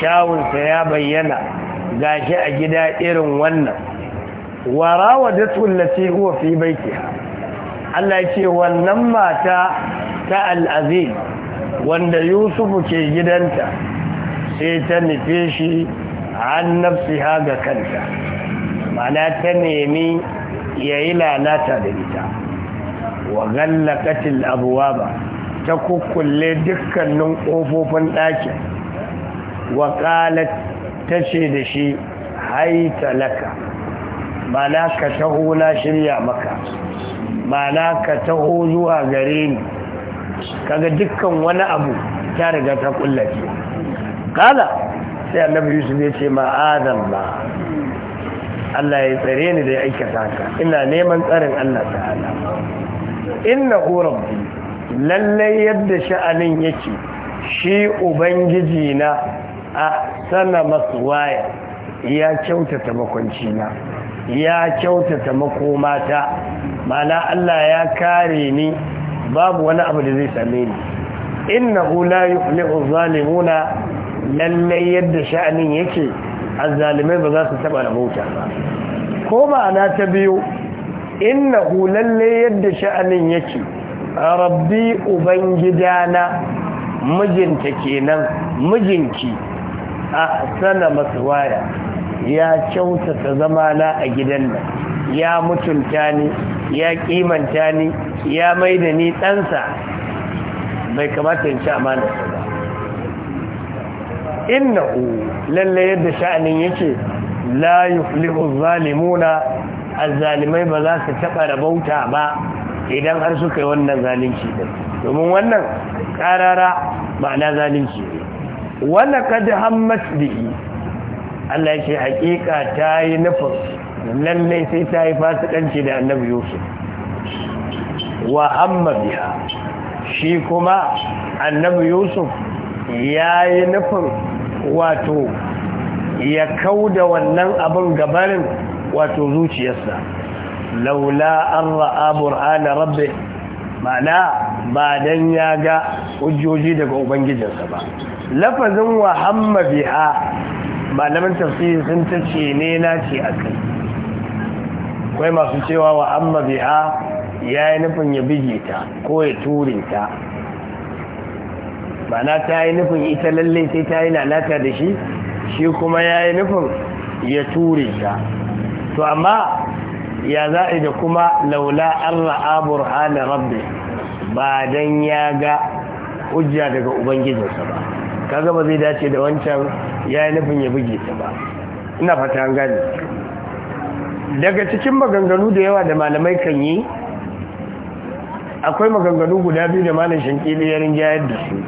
kyawunsa ya bayyana gashi a gida irin wannan Warawa rawadatu allati huwa fi baytiha Allah ce wannan mata ta al wanda Yusufu ke gidanta sai ta nufe shi an nafsiha ga kanta mana ta nemi yayi lalata da ita wa gallaqatil ba ta kukkulle dukkanin ƙofofin ɗakin wa qalat tace da shi haita laka mana ka taho na shirya maka mana ka taho zuwa gare ni kaga dukkan wani abu ta riga ta kullace kala sai annabi yusuf ya ce ma'adan ba Allah ya tsare ni da ya aikata ka ina neman tsarin Allah ta'ala inna rabbi lallai yadda sha'anin yake shi ubangiji na a sana masu waya ya kyautata makwanci na ya kyautata makomata mana Allah ya kare ni babu wani abu da zai same ni innahu la yuflihu zalimuna lalle yadda sha'anin yake azzalimai ba za su taba rahota ba ko ma'ana ta biyu inna lalle yadda sha'anin yake rabbi ubangidana mijinta kenan mijinki a sana waya. ya kyautata na a gidan nan ya mutunta ni ya kimanta ni ya mai da ni ɗansa bai kamata in ci amana ba Inna u lalle yadda sha'anin yake la yuflihu zalimuna azzalimai ba za su taɓa rabauta ba idan har suka yi wannan zalunci ba domin wannan ƙarara ma'ana zalunci ne wannan kad hammat bihi Allah ya ce hakika ta yi nufin lallai sai ta yi fasikanci da annabi yusuf wa Amma biya shi kuma annabi yusuf ya yi nufin wato ya kau da wannan abin gabanin wato zuciyarsa laula an ra'a burhana rabbi ma'ana ba dan ya ga hujjoji daga ubangijinsa ba lafazin wa hamma biha malaman tafsiri sun ta ce ne na ce a kai kwai masu cewa wa amma biha ya yi nufin ya bige ta ko ya turin ta mana ta yi nufin ita lalle sai ta yi lalata da shi shi kuma ya yi nufin ya ture ta to amma ya za da kuma laula an ra'a burhanin rabbi ba don ya ga hujja daga ubangijinsa ba kaga ba zai dace da wancan ya yi nufin ya buge ta ba ina fata an gani daga cikin maganganu da yawa da malamai kan yi akwai maganganu guda biyu da malam shankili ya rinjayar da su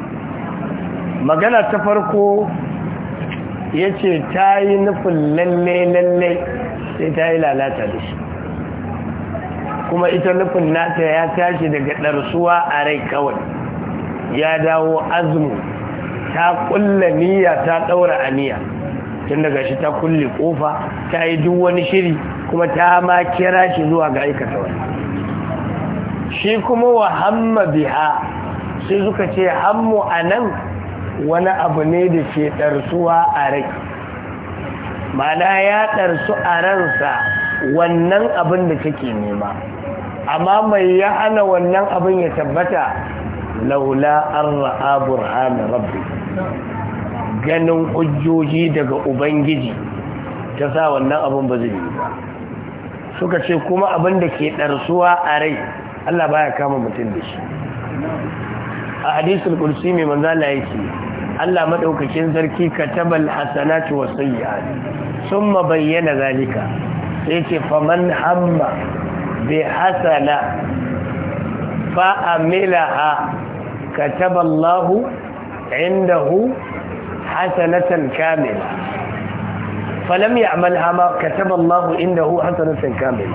magana ta farko ya ce ta yi nufin lalle-lalle sai ta yi lalata da shi kuma ita nufin nata ya tashi daga ɗarsuwa a rai kawai ya dawo azumi ta ƙulla niyya ta daura aniya tun daga shi ta kulle kofa ta yi duk wani shiri kuma ta ma kira shi zuwa ga aikata wani shi kuma wa hamma biha sai suka ce hammu anan wani abu ne da ke ɗarsuwa a rai mana ya ɗarsu a ransa wannan abin da take nema amma mai ya hana wannan abin ya tabbata laula an ra'a burhan rabbi ganin hujjoji daga ubangiji ta sa wannan abin ba zai yi ba suka ce kuma abin da ke ɗarsuwa a rai Allah baya kama mutum da shi a hadisul kursi mai manzala yake Allah madaukakin sarki katabal hasanatu was sayyi'at summa bayyana zalika sai ce faman hamma bi hasana fa a kataballahu عنده حسنة كاملة فلم يعملها ما كتب الله عنده حسنة كاملة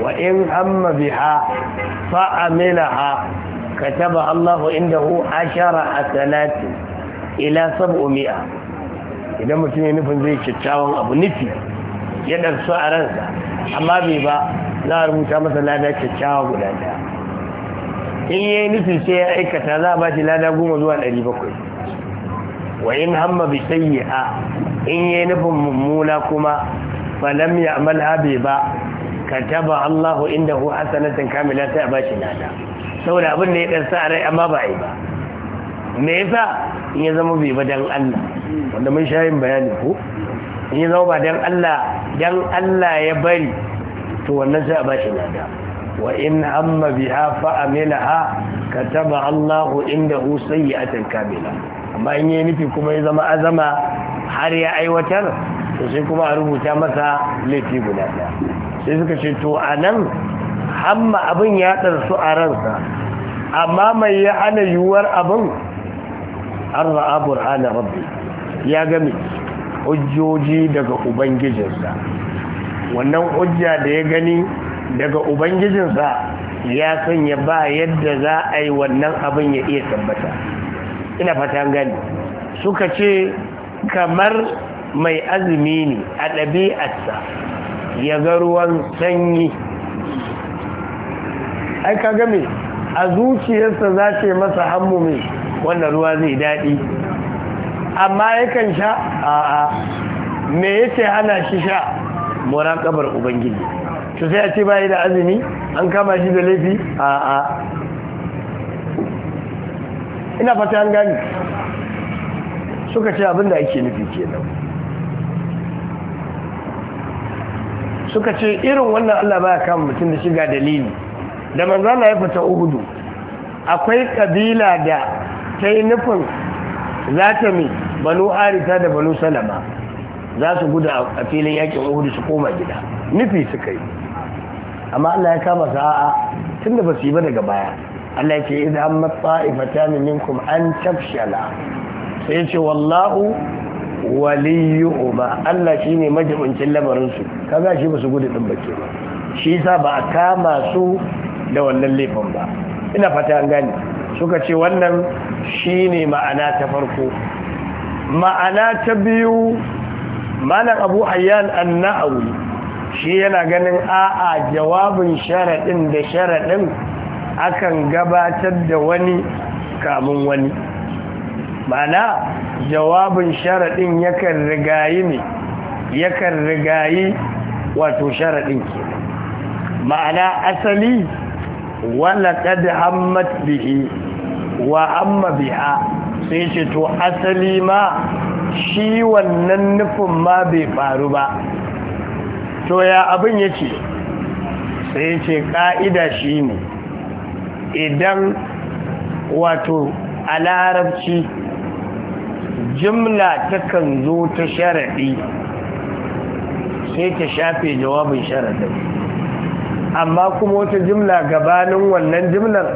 وإن هم بها فعملها كتبها الله عنده عشر حسنات إلى سبعمائة إذا mutum ya nufin zai kyakkyawan abu nufi ya ɗarsu a ransa amma bai ba za'a a rubuta masa lada kyakkyawa guda ɗaya in yi nufi sai ya aikata za bashi lada goma zuwa ɗari bakwai wa in hamma bi sayyi'a in yayi nufin mummuna kuma falam ya'mal abi ba kataba Allahu indahu hasanatan kamila sai a bashi nada saboda abin da ya dan sa amma ba ai ba me yasa in ya zama bai ba dan Allah wanda mun shayin bayani ko in ya ba dan Allah ya bari to wannan sai a bashi nada wa in amma fa kataba Allahu indahu sayyi'atan amma in yi nufi kuma ya zama azama har ya aiwatar to sai kuma a rubuta masa laifi guda ɗaya sai suka ce to a nan hamma abin ya ɗarsu a ransa amma mai ya hana yiwuwar abin an ra'a burhana rabbi ya gami hujjoji daga ubangijinsa wannan hujja da ya gani daga ubangijinsa ya sanya ba yadda za a yi wannan abin ya iya tabbata ina fatan gani suka ce kamar mai azumi ne a ɗabi'arsa ya ga ruwan sanyi ai kaga me a zuciyarsa za ce masa hannu mai wannan ruwa zai daɗi amma yakan sha a'a me yace hana shi sha ƙabar ubangiji to sai a ce bayi da azumi an kama shi da laifi a'a ina fata an gani suka ce abinda ake nufi kenan suka ce irin wannan Allah baya kama mutum da shiga dalili da manzana ya fita uhudu akwai kabila da ta yi nufin za ta mai banu harita da banu salama za su gudu a filin yakin uhudu su koma gida nufi suka yi amma Allah ya kama sa'a tun da ba su yi ba daga baya Allah ce idan amma ta'ifatan minkum an tafshala sai ce wallahu waliyuhuma Allah shi ne majibincin lamarin ka za shi basu gudu ɗin bace ba shi sa ba a kama su da wannan laifin ba ina fata an gane suka ce wannan shi ne ma'ana ta farko ma'ana ta biyu mana Abu Hayyan an na'awu shi yana ganin a'a jawabin sharaɗin da sharaɗin akan gabatar da wani kamun wani mana jawabin sharaɗin yakan rigayi ne yakan rigayi wato sharaɗin ke ma'ana asali wala kad hammat bihi wa amma biha sai ce to asali ma shi wannan nufin ma bai faru ba to ya abin yake sai ce ƙa'ida shi ne idan wato a larabci jimla takan zo ta sharaɗi sai ta shafe jawabin sharaɗin amma kuma wata jimla gabanin wannan jimlar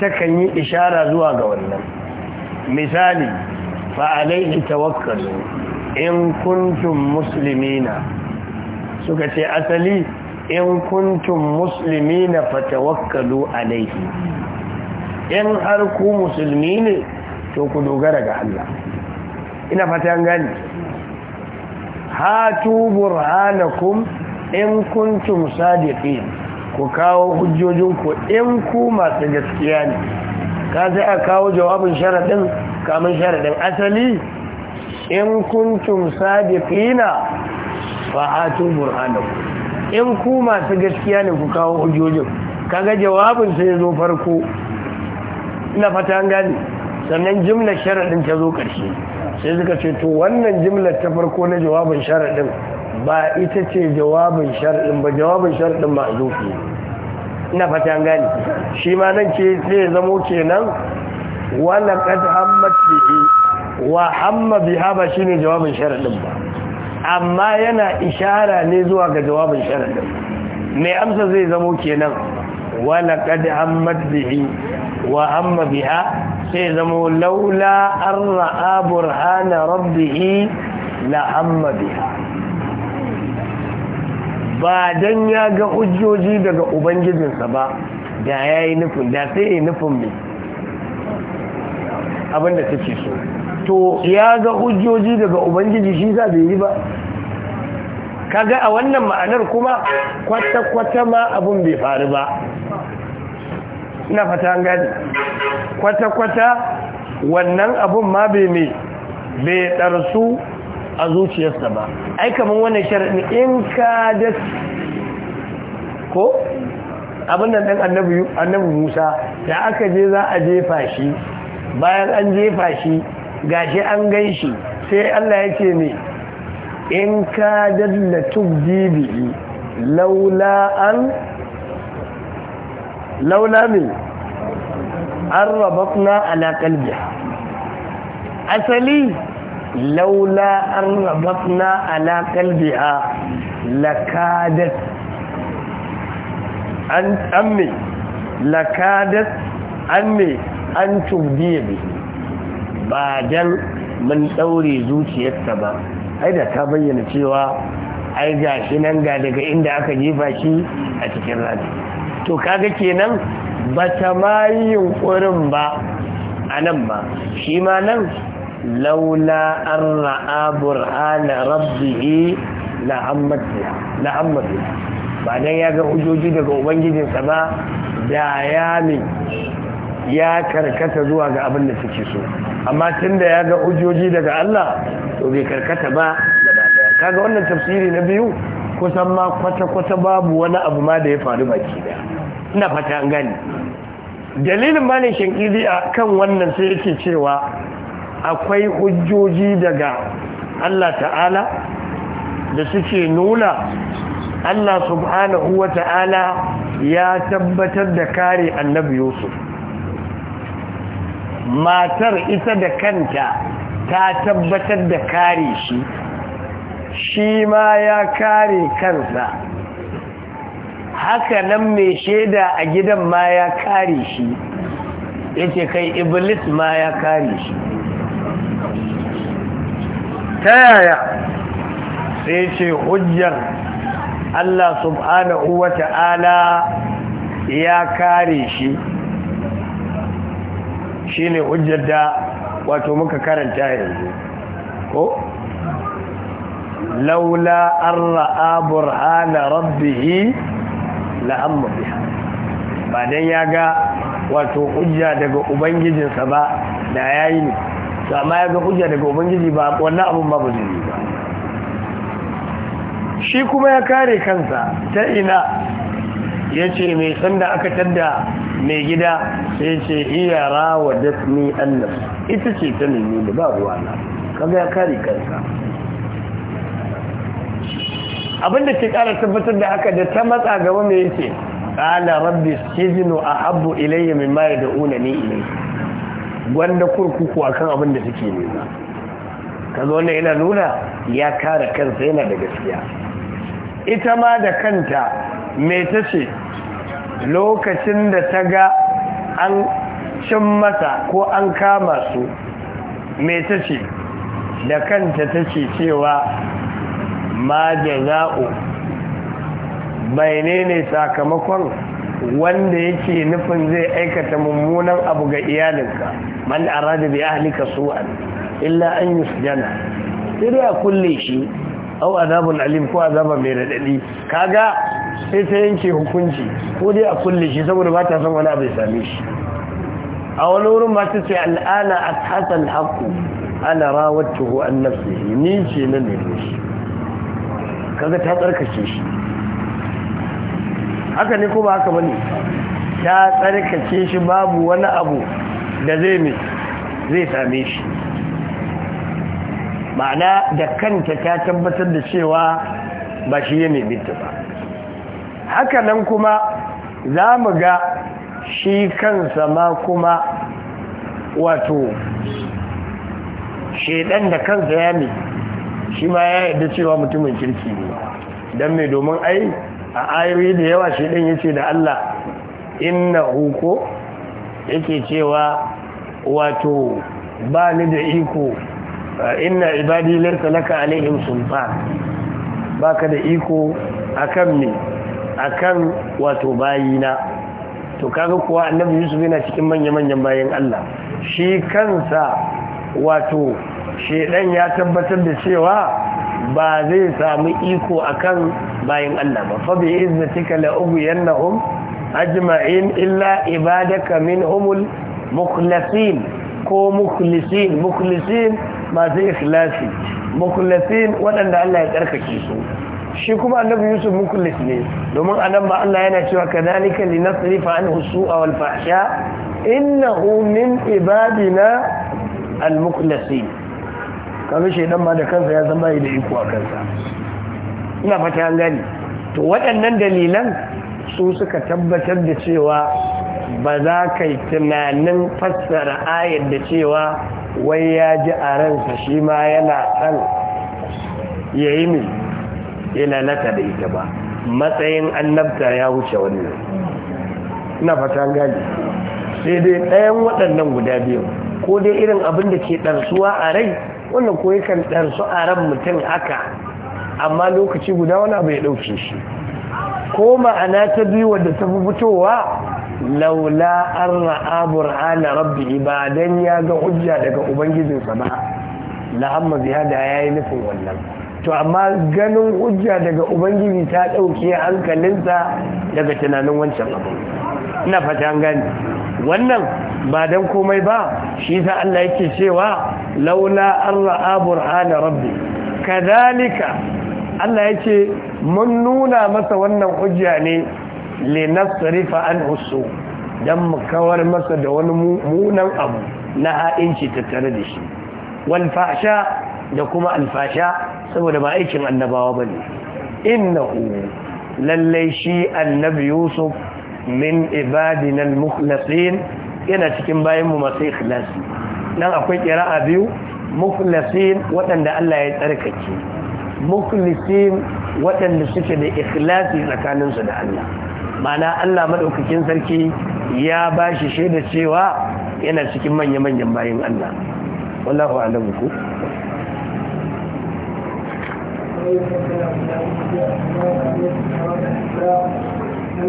takan yi ishara zuwa ga wannan misali fa'alaihi tawakkalu in kuntum na?' suka ce asali in kuntum fa fatawakkalu alaihi in har ku musulmi ne to ku dogara ga Allah ina fatan gani ha tu burhanakum in kuntum sadiqin ku kawo hujjojinku in ku masu gaskiya ne ka sai a kawo jawabin sharadin kamun sharadin asali in kuntum sadiqina fa hatu burhanakum in ku masu gaskiya ne ku kawo hujjojin kaga jawabin sai zo farko ina fata gani sannan jimlar sharaɗin ta zo ƙarshe sai suka ce to wannan jimlar ta farko na jawabin sharaɗin ba ita ce jawabin sharaɗin ba jawabin sharaɗin ba zufi ina fata gani shi ma nan ce zai zamo kenan wala qad hammat bihi wa hamma biha ba shine jawabin sharaɗin ba amma yana ishara ne zuwa ga jawabin sharaɗin mai amsa zai zamo kenan wala qad hammat bihi wa amma biha sai zamo laula an ra'a burhana rabbihi la amma biha ba dan ya ga hujjoji daga ubangijinsa ba da ya yi nufin da sai yi nufin mai abinda take so to ya ga hujjoji daga ubangiji shi za bai yi ba kaga a wannan ma'anar kuma kwata-kwata ma abin bai faru ba ina fata an gani kwata-kwata wannan abun ma bai mai bai ɗarsu a zuciyarsa ba ai kamar wannan sharaɗin in ka da ko abin da ɗan annabi musa da aka je za a jefa shi bayan an jefa shi gashi an gan shi sai allah ya ce ne in ka dalla tubdi bihi laula an laula min an rabatna ala kalbi asali laula an rabatna ala kalbi a lakadat an amme lakadat amme an tubdiya bi ba dan mun daure zuciyarta ba ai da ta bayyana cewa ai gashi nan ga daga inda aka jefa shi a cikin rani to kaga kenan ba ta ma yunkurin ba a nan ba shi ma nan laula an ra'a burhana rabbihi la'ammatiya ba dan ya ga hujoji daga ubangijinsa ba da ya ne ya karkata zuwa ga abin da suke so amma tun da ya ga ujoji daga Allah to bai karkata ba kaga wannan tafsiri na biyu kusan ma kwata-kwata babu wani abu ma da ya faru baki da ina fata an gani dalilin malin shankili a kan wannan sai yake cewa akwai hujjoji daga Allah ta'ala da suke nuna Allah subhanahu wa ta'ala ya tabbatar da kare annabi Yusuf matar ita da kanta ta tabbatar da kare shi shi ma ya kare kansa haka nan mai shaida a gidan ma ya kare shi ya kai iblis ma ya kare shi ta yaya sai ce hujjar Allah subhanahu wa ta'ala ya kare shi shi ne hujjar da wato muka karanta yanzu ko? laula an ra'a burhana rabbihi la'amma biha ba dan ya ga wato hujja daga ubangijinsa ba da yayi ne to amma ya ga hujja daga ubangiji ba wannan abun ba ba zai ba shi kuma ya kare kansa ta ina yace mai sanda aka tadda mai gida sai ce iya rawa dasmi annas ita ce ta nemi ba ruwa na kaga ya kare kansa da ke kara tabbatar da haka da ta matsa gaba mai yake ala rabbi abu ahabbu ilayya mimma ni ilayhi gwanda kurkuku akan abin da suke nema zo wannan yana nuna ya kare kansa yana da gaskiya ita ma da kanta mai tace lokacin da ta ga an cin mata ko an kama su mai tace da kanta tace cewa ma jaza'u ne sakamakon wanda yake nufin zai aikata mummunan abu ga iyalinka man arada bi ahlika su'an illa an yusjana sai a kulle shi au azabun alim ko azaba mai radadi kaga sai ta yanke hukunci ko dai a kulle shi saboda ba ta son wani abu ya same shi a wani wurin ba ta ce al'ana at hasan ana rawatuhu an nafsihi ni ce na nemi shi kaga ta tsarkake shi haka ne ko haka bane ta tsarkake shi babu wani abu da zai mai zai same shi ma'ana da kanta ta tabbatar da cewa ba shi ya nebinta ba haka nan kuma za mu ga shi kansa ma kuma wato shaidan da kansa ya mai shi ma ya yarda cewa mutumin kirki ne don mai domin ai a ayoyi da yawa shi ɗin yace da Allah inna huko yake cewa wato ba ni da iko eh, inna ibadi laysa laka alaihim sultan baka da iko akan ni akan wato bayina to kaga kuwa annabi Yusuf yana cikin manya-manyan bayin Allah shi kansa wato shedan ya tabbatar da cewa ba zai samu iko akan bayan Allah ba fa bi iznika la ubiyannahum ajma'in illa ibadaka minhumul mukhlasin ko mukhlisin mukhlisin zai ikhlasi mukhlasin waɗanda Allah ya tsarkake su shi kuma annabi yusuf mukhlis ne domin anan ba Allah yana cewa kadhalika linasrifa anhu su'a wal fahsha innahu min ibadina al-mukhlasin kaga shedan ma da kansa ya zama da iko a kansa ina fata an gani to waɗannan dalilan su suka tabbatar da cewa ba za ka yi tunanin fassara ayar da cewa wai ya ji a ransa shi ma yana san ya yi min. ya lalata da ita ba matsayin annabta ya wuce wannan ina fata gani sai dai ɗayan waɗannan guda biyu ko dai irin abin da ke ɗarsuwa a rai wannan ko yakan ɗarsu a ran mutum haka amma lokaci guda wani abu ya ɗauke shi ko ma'ana ta biyu wadda ta fi fitowa laula an ra'a burhana rabbi ba dan ya ga hujja daga ubangijinsa ba la'amma da ya yi nufin wannan to amma ganin hujja daga ubangiji ta ɗauke hankalinsa daga tunanin wancan abu ina fata gani wannan ba dan komai ba shi ta Allah yake cewa laula an ra'a burhana rabbi kadalika Allah yake mun nuna masa wannan hujja ne linasrifa an usu dan mu kawar masa da wani munan abu na ha'inci tattare da shi wal da kuma alfasha saboda ba aikin annabawa bane innahu lallai shi annabi yusuf min ibadina al-mukhlasin yana cikin bayanmu masu ikhlasi nan akwai kira'a biyu mukhlasin waɗanda Allah ya tsarkake mukhlasin waɗanda suke da ikhlasi su da Allah ma'ana Allah madaukakin sarki ya bashi shaida cewa yana cikin manya-manyan bayin Allah wallahu a'lamu ku Thank you. to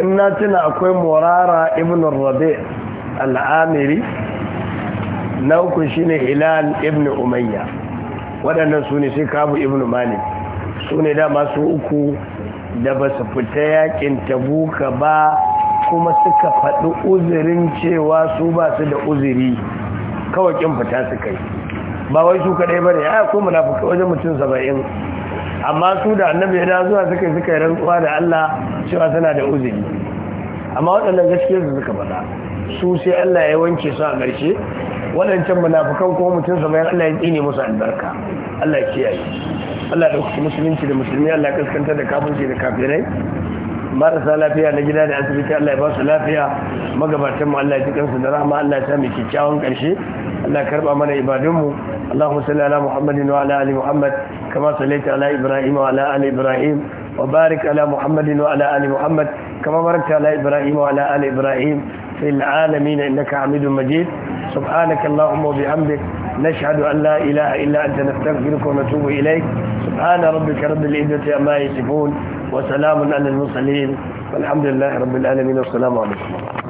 in na tuna akwai murara ibn rabi al'amiri na uku shine hilal ibn umayya waɗannan su ne sai kabu ibn malik su ne dama su uku da ba su fita yakin tabuka ba kuma suka faɗi uzirin cewa su ba su da uziri kawai kin fita su kai ba wai su kaɗai ba ne ya ko munafuka wajen mutum saba'in amma su da annabi ya zuwa suka yi suka yi rantsuwa da Allah cewa suna da uzuri amma waɗannan gaskiya su suka faɗa su sai Allah ya wanke su a ƙarshe waɗancan munafukan ko mutum saba'in Allah ya tsine musu albarka Allah ya kiyaye Allah ya ɗauki musulunci da musulmi Allah ya kaskanta da kafirci da kafirai marasa lafiya na gida da asibiti Allah ya ba su lafiya magabatan mu Allah ya cikin su da rahama Allah ya sa mu kyakkyawan karshe Allah ya karba mana ibadun mu Allahumma salli ala Muhammadin wa ala ali Muhammad kama sallaita ala Ibrahim wa ala ali Ibrahim wa barik ala Muhammadin wa ala ali Muhammad kama barakta ala Ibrahim wa ala ali Ibrahim في العالمين إنك حميد مجيد سبحانك اللهم وبحمدك نشهد أن لا إله إلا أنت نستغفرك ونتوب إليك سبحان ربك رب العزة عما يصفون وسلام على المرسلين والحمد لله رب العالمين والسلام عليكم